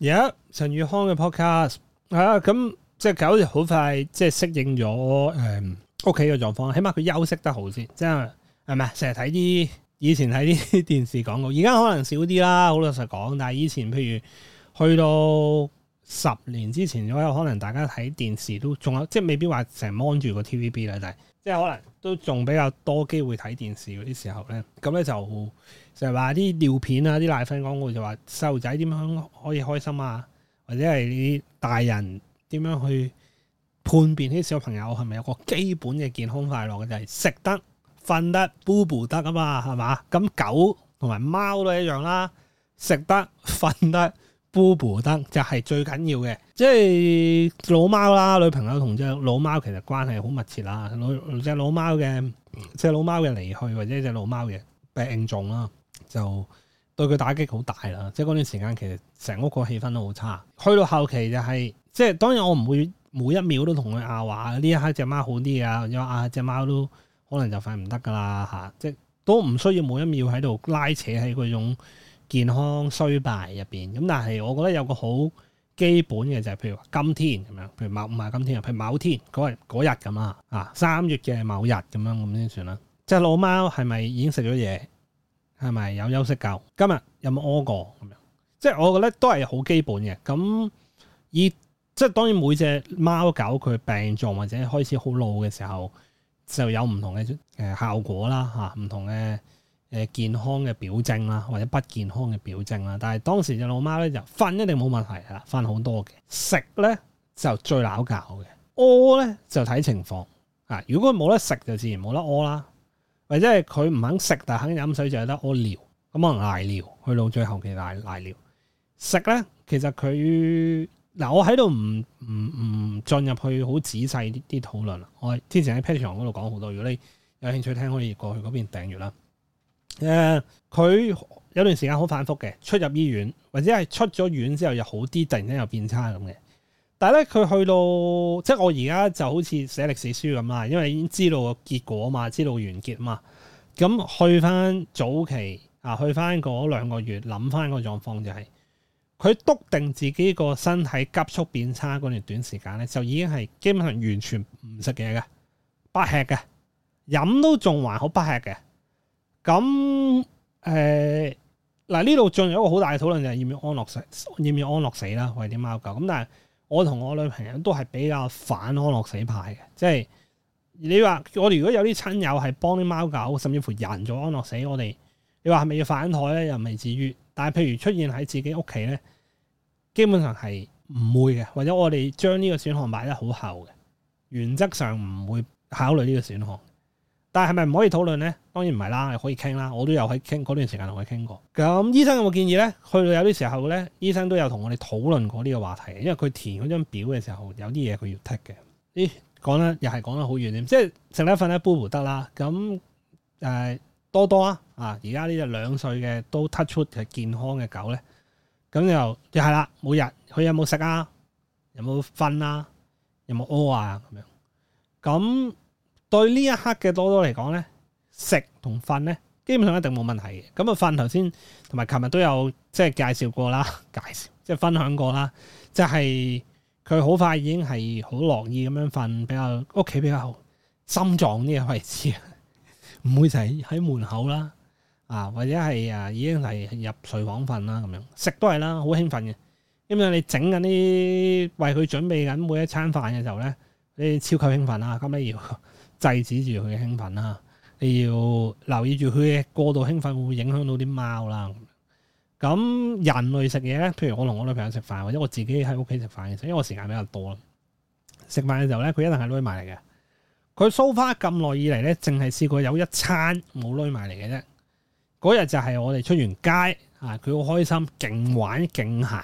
而、yeah, 啊嗯嗯、家陳宇康嘅 podcast 係咁，即係佢好似好快即係適應咗誒屋企嘅狀況，起碼佢休息得好先。即係係咪？成日睇啲以前睇啲電視廣告，而家可能少啲啦。好老實講，但係以前譬如去到十年之前，咗有可能大家睇電視都仲有，即係未必話成日望住個 TVB 啦，就係即係可能都仲比較多機會睇電視嗰啲時候咧，咁咧就。就係話啲尿片啊、啲奶粉廣告就話細路仔點樣可以開心啊，或者係啲大人點樣去判別啲小朋友係咪有個基本嘅健康快樂嘅就係、是、食得、瞓得、booboo 得啊嘛，係嘛？咁狗同埋貓都一樣啦，食得、瞓得、booboo 得就係、是、最緊要嘅。即、就、係、是、老貓啦，女朋友同隻老貓其實關係好密切啦。老隻老貓嘅隻老貓嘅離去或者隻老貓嘅病重啦。就對佢打擊好大啦，即係嗰段時間，其實成屋個氣氛都好差。去到後期就係，即係當然我唔會每一秒都同佢阿話，呢一刻隻貓好啲啊，因為阿隻貓都可能就快唔得噶啦吓，即係都唔需要每一秒喺度拉扯喺嗰種健康衰敗入邊。咁但係我覺得有個好基本嘅就係，譬如話今天咁樣，譬如某唔係今天啊，譬如某天嗰日嗰日咁啊，啊三月嘅某日咁樣咁先算啦。隻老貓係咪已經食咗嘢？係咪有休息夠？今日有冇屙過咁樣？即係我覺得都係好基本嘅。咁而即係當然每隻貓，每隻貓狗佢病狀或者開始好老嘅時候，就有唔同嘅誒、呃、效果啦，吓、啊、唔同嘅誒、呃、健康嘅表徵啦，或者不健康嘅表徵啦。但係當時隻老貓咧就瞓一定冇問題啦，瞓好多嘅，食咧就最咬搞嘅，屙咧就睇情況啊。如果佢冇得食，就自然冇得屙啦。或者係佢唔肯食，但肯飲水就係得屙尿，咁可能尿尿，去到最後期尿尿尿。食咧，其實佢嗱，我喺度唔唔唔進入去好仔細啲討論。我之前喺 Patreon 嗰度講好多，如果你有興趣聽，可以過去嗰邊訂閱啦。誒、呃，佢有段時間好反覆嘅，出入醫院，或者係出咗院之後又好啲，突然間又變差咁嘅。但係咧，佢去到即係我而家就好似寫歷史書咁啦，因為已經知道個結果啊嘛，知道完結啊嘛。咁去翻早期啊，去翻嗰兩個月諗翻個狀況就係、是，佢篤定自己個身體急速變差嗰段短時間咧，就已經係基本上完全唔食嘢嘅，不吃嘅，飲都仲還好，不吃嘅。咁誒嗱呢度進入一個好大嘅討論就係要唔要安樂死，要唔要安樂死啦？為啲貓狗咁，但係。我同我女朋友都係比較反安樂死派嘅。即係你話我哋如果有啲親友係幫啲貓狗，甚至乎人做安樂死，我哋你話係咪要反台咧？又未至於，但係譬如出現喺自己屋企咧，基本上係唔會嘅，或者我哋將呢個選項埋得好厚嘅，原則上唔會考慮呢個選項。但係係咪唔可以討論咧？當然唔係啦，你可以傾啦。我都有喺傾嗰段時間同佢傾過。咁醫生有冇建議咧？去到有啲時候咧，醫生都有同我哋討論過呢個話題。因為佢填嗰張表嘅時候，有啲嘢佢要剔嘅。咦、哎，講得又係講得好遠添，即係食得瞓得，般般得啦。咁、呃、誒，多多啊啊！而家呢隻兩歲嘅都突出嘅健康嘅狗咧，咁又又係啦。每日佢有冇食啊？有冇瞓啊？有冇屙啊？咁樣咁。對呢一刻嘅多多嚟講咧，食同瞓咧，基本上一定冇問題嘅。咁啊，瞓頭先同埋琴日都有即係介紹過啦，介紹即係分享過啦，就係佢好快已經係好樂意咁樣瞓，比較屋企比較心臟啲嘅位置，唔會就係喺門口啦，啊或者係啊已經係入睡房瞓啦咁樣，食都係啦，好興奮嘅，因為你整緊啲為佢準備緊每一餐飯嘅時候咧，你超級興奮啊，咁你要。制止住佢嘅興奮啦！你要留意住佢嘅過度興奮會唔會影響到啲貓啦。咁人類食嘢咧，譬如我同我女朋友食飯，或者我自己喺屋企食飯嘅時候，因為我時間比較多啦。食飯嘅時候咧，佢一定係攞埋嚟嘅。佢 so far 咁耐以嚟咧，淨係試過有一餐冇攞埋嚟嘅啫。嗰日就係我哋出完街啊！佢好開心，勁玩勁行，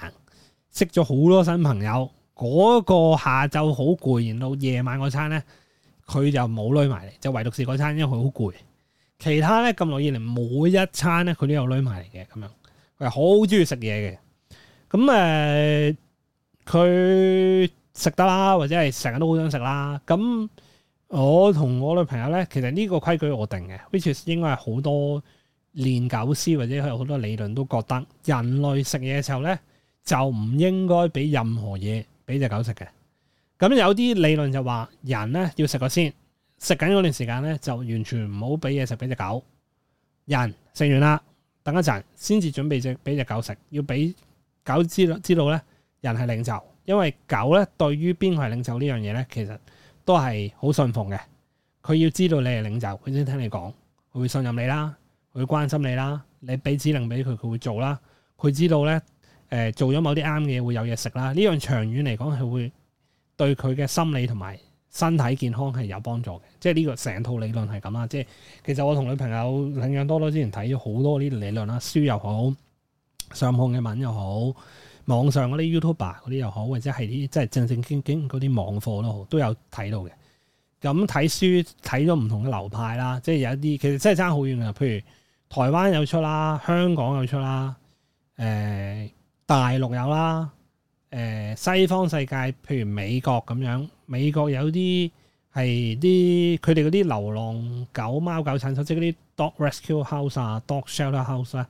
識咗好多新朋友。嗰個下晝好攰，然到夜晚嗰餐咧，佢就冇攞埋嚟，就唯獨是嗰餐，因為佢好攰。其他咧咁耐以嚟，每一餐咧佢都有攞埋嚟嘅，咁樣佢係好中意食嘢嘅。咁誒，佢食、呃、得啦，或者係成日都好想食啦。咁我同我女朋友咧，其實呢個規矩我定嘅，which 應該係好多練狗師或者佢有好多理論都覺得，人類食嘢嘅時候咧，就唔應該俾任何嘢俾隻狗食嘅。咁有啲理論就話，人咧要食咗先，食緊嗰段時間咧就完全唔好俾嘢食俾隻狗。人食完啦，等一陣先至準備隻俾隻狗食。要俾狗知道知道咧，人係領袖，因為狗咧對於邊個係領袖呢樣嘢咧，其實都係好信奉嘅。佢要知道你係領袖，佢先聽你講，佢會信任你啦，佢會關心你啦，你俾指令俾佢，佢會做啦。佢知道咧、呃，做咗某啲啱嘅嘢會有嘢食啦。呢樣長遠嚟講佢會。對佢嘅心理同埋身體健康係有幫助嘅，即係呢個成套理論係咁啦。即係其實我同女朋友領養多多之前睇咗好多啲理論啦，書又好，上網嘅文又好，網上嗰啲 YouTuber 嗰啲又好，或者係啲即係正正經經嗰啲網課都好，都有睇到嘅。咁睇書睇咗唔同嘅流派啦，即係有一啲其實真係爭好遠嘅，譬如台灣有出啦，香港有出啦，誒、呃、大陸有啦。呃、西方世界，譬如美國咁樣，美國有啲係啲佢哋嗰啲流浪狗貓狗診所即係嗰啲 dog rescue house 啊，dog shelter house 咧、啊，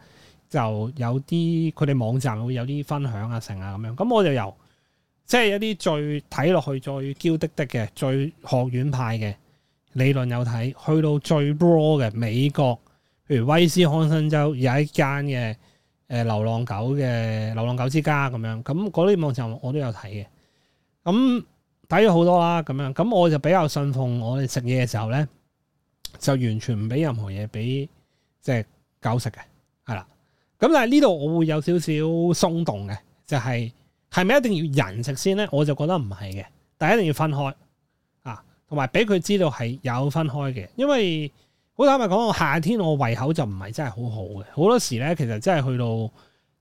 就有啲佢哋網站會有啲分享啊，成啊咁樣。咁我就由即係、就是、一啲最睇落去最嬌滴滴嘅，最學院派嘅理論有睇，去到最 broad 嘅美國，譬如威斯康辛州有一間嘅。誒，流浪狗嘅流浪狗之家咁樣，咁嗰啲網站我都有睇嘅，咁睇咗好多啦，咁樣，咁我就比較信奉我哋食嘢嘅時候咧，就完全唔俾任何嘢俾即係狗食嘅，係啦，咁但係呢度我會有少少鬆動嘅，就係係咪一定要人食先咧？我就覺得唔係嘅，但係一定要分開啊，同埋俾佢知道係有分開嘅，因為。好坦白講，我夏天我胃口就唔係真係好好嘅，好多時咧，其實真係去到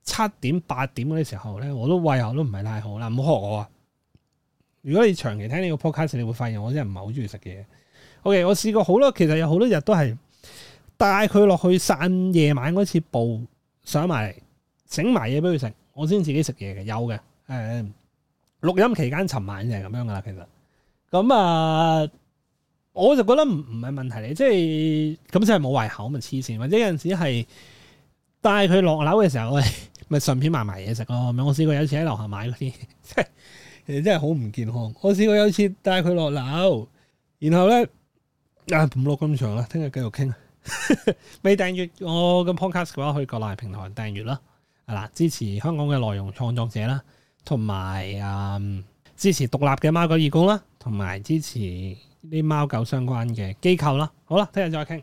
七點八點嗰啲時候咧，我都胃口都唔係太好啦。唔好學我啊！如果你長期聽呢個 podcast，你會發現我真係唔係好中意食嘢。OK，我試過好多，其實有好多日都係帶佢落去散夜晚嗰次步，上埋嚟，整埋嘢俾佢食，我先自己食嘢嘅，有嘅。誒、嗯，錄音期間尋晚就係咁樣噶啦，其實咁啊。我就覺得唔係問題嚟，即係咁即係冇胃口咪黐線，或者有陣時係帶佢落樓嘅時候，我咪順便買埋嘢食咯。咪我試過有次喺樓下買嗰啲，即真係真係好唔健康。我試過有次帶佢落樓，然後咧啊，唔錄咁長啦，聽日繼續傾。未訂閱我嘅 podcast 嘅話，可以各大平台訂閱啦，係啦，支持香港嘅內容創作者啦，同埋啊支持獨立嘅貓狗義工啦，同埋支持。啲貓狗相關嘅機構啦，好喇，聽日再傾。